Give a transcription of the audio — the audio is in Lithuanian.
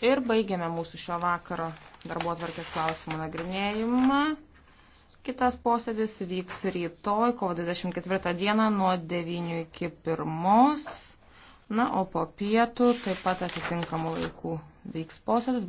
Ir baigiame mūsų šio vakaro darbo atvarkės klausimų nagrinėjimą. Kitas posėdis vyks rytoj, kovo 24 dieną nuo 9 iki 1. Na, o po pietų taip pat atitinkamų laikų vyks posėdis.